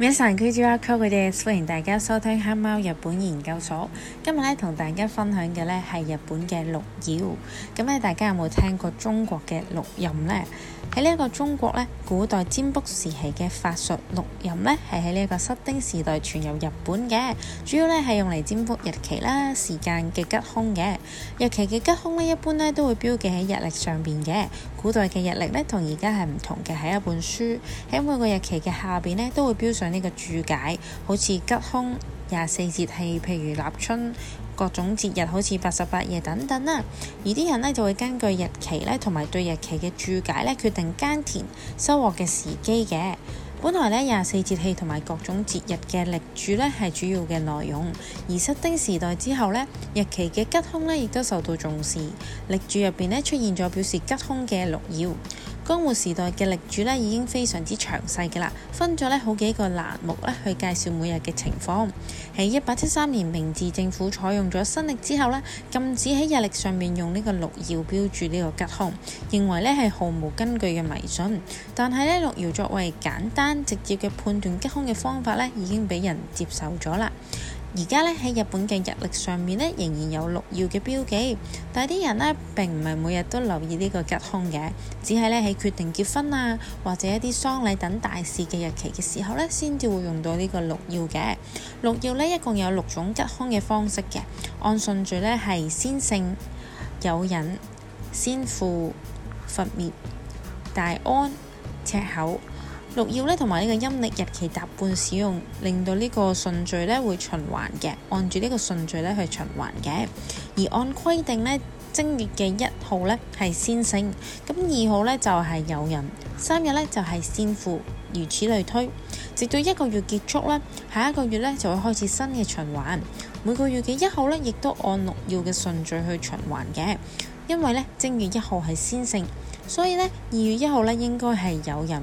晚上好，Joico，我哋歡迎大家收聽黑貓日本研究所。今日咧同大家分享嘅咧係日本嘅六曜。咁咧大家有冇聽過中國嘅六壬咧？喺呢一個中國咧，古代占卜時期嘅法術六壬咧，係喺呢一個室町時代傳入日本嘅，主要咧係用嚟占卜日期啦、時間嘅吉凶嘅。日期嘅吉凶咧，一般咧都會標記喺日曆上邊嘅。古代嘅日曆咧，同而家係唔同嘅，係一本書喺每個日期嘅下邊咧都會標上。呢個注解，好似吉凶、廿四節氣，譬如立春、各種節日，好似八十八夜等等啦。而啲人呢就會根據日期咧，同埋對日期嘅注解咧，決定耕田收穫嘅時機嘅。本來咧廿四節氣同埋各種節日嘅曆注咧係主要嘅內容，而室町時代之後呢，日期嘅吉凶咧亦都受到重視，曆注入邊呢出現咗表示吉凶嘅六曜。江戶時代嘅力主咧已經非常之詳細嘅啦，分咗呢好幾個欄目咧去介紹每日嘅情況。喺一八七三年明治政府採用咗新曆之後咧，禁止喺日曆上面用呢個六曜標注呢個吉凶，認為呢係毫無根據嘅迷信。但係呢六曜作為簡單直接嘅判斷吉凶嘅方法咧，已經俾人接受咗啦。而家呢，喺日本嘅日曆上面呢，仍然有六曜嘅標記，但係啲人呢，並唔係每日都留意呢個吉凶嘅，只係呢，喺決定結婚啊或者一啲喪禮等大事嘅日期嘅時候呢，先至會用到呢個六曜嘅。六曜呢，一共有六種吉凶嘅方式嘅，按順序呢，係先勝、友引、先負、佛滅、大安、赤口。六曜咧，同埋呢個陰歷日期搭配使用，令到呢個順序咧會循環嘅。按住呢個順序咧去循環嘅。而按規定咧，正月嘅一號咧係先勝，咁二號咧就係、是、友引，三日咧就係、是、先負，如此類推，直到一個月結束咧，下一個月咧就會開始新嘅循環。每個月嘅一號咧，亦都按六曜嘅順序去循環嘅，因為咧正月一號係先勝，所以咧二月一號咧應該係友引。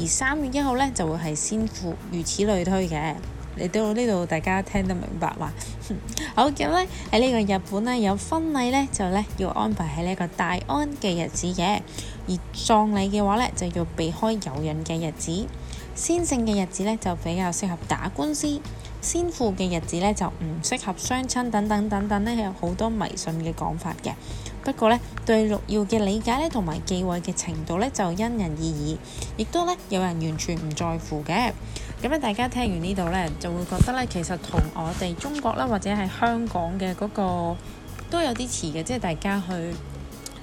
而三月一號呢，就會係先負，如此類推嘅。你到呢度，大家聽得明白話？ 好咁咧，喺呢個日本呢，有婚禮呢，就呢要安排喺呢個大安嘅日子嘅。而葬禮嘅話呢，就要避開友引嘅日子。先勝嘅日子呢，就比較適合打官司。先負嘅日子呢，就唔適合相親等等等等咧，有好多迷信嘅講法嘅。不過呢，對六曜嘅理解呢，同埋忌諱嘅程度呢，就因人而異，亦都呢，有人完全唔在乎嘅。咁咧，大家聽完呢度呢，就會覺得呢，其實同我哋中國啦，或者係香港嘅嗰個都有啲似嘅，即係大家去。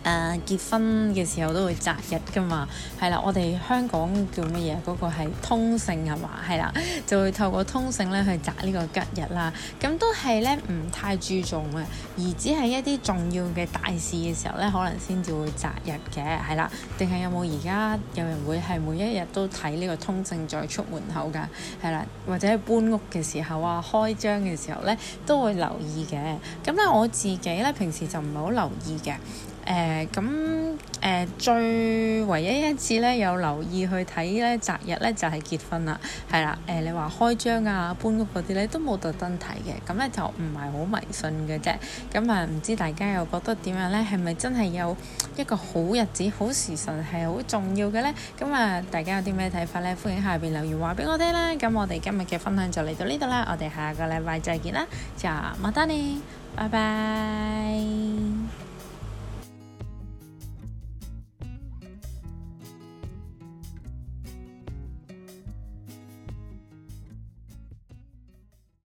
誒、uh, 結婚嘅時候都會擇日㗎嘛，係啦。我哋香港叫乜嘢？嗰、那個係通勝係嘛？係啦，就會透過通勝咧去擇呢個吉日啦。咁都係咧，唔太注重啊，而只係一啲重要嘅大事嘅時候咧，可能先至會擇日嘅係啦。定係有冇而家有人會係每一日都睇呢個通勝再出門口㗎？係啦，或者搬屋嘅時候啊，開張嘅時候咧都會留意嘅。咁咧，我自己咧平時就唔係好留意嘅。誒咁誒最唯一一次咧，有留意去睇咧，擇日咧就係、是、結婚啦，係啦。誒、呃、你話開張啊、搬屋嗰啲咧，都冇特登睇嘅，咁咧就唔係好迷信嘅啫。咁啊，唔知大家又覺得點樣咧？係咪真係有一個好日子、好時辰係好重要嘅咧？咁啊，大家有啲咩睇法咧？歡迎下邊留言話俾我聽啦。咁我哋今日嘅分享就嚟到呢度啦，我哋下個禮拜再見啦，就またね，拜拜。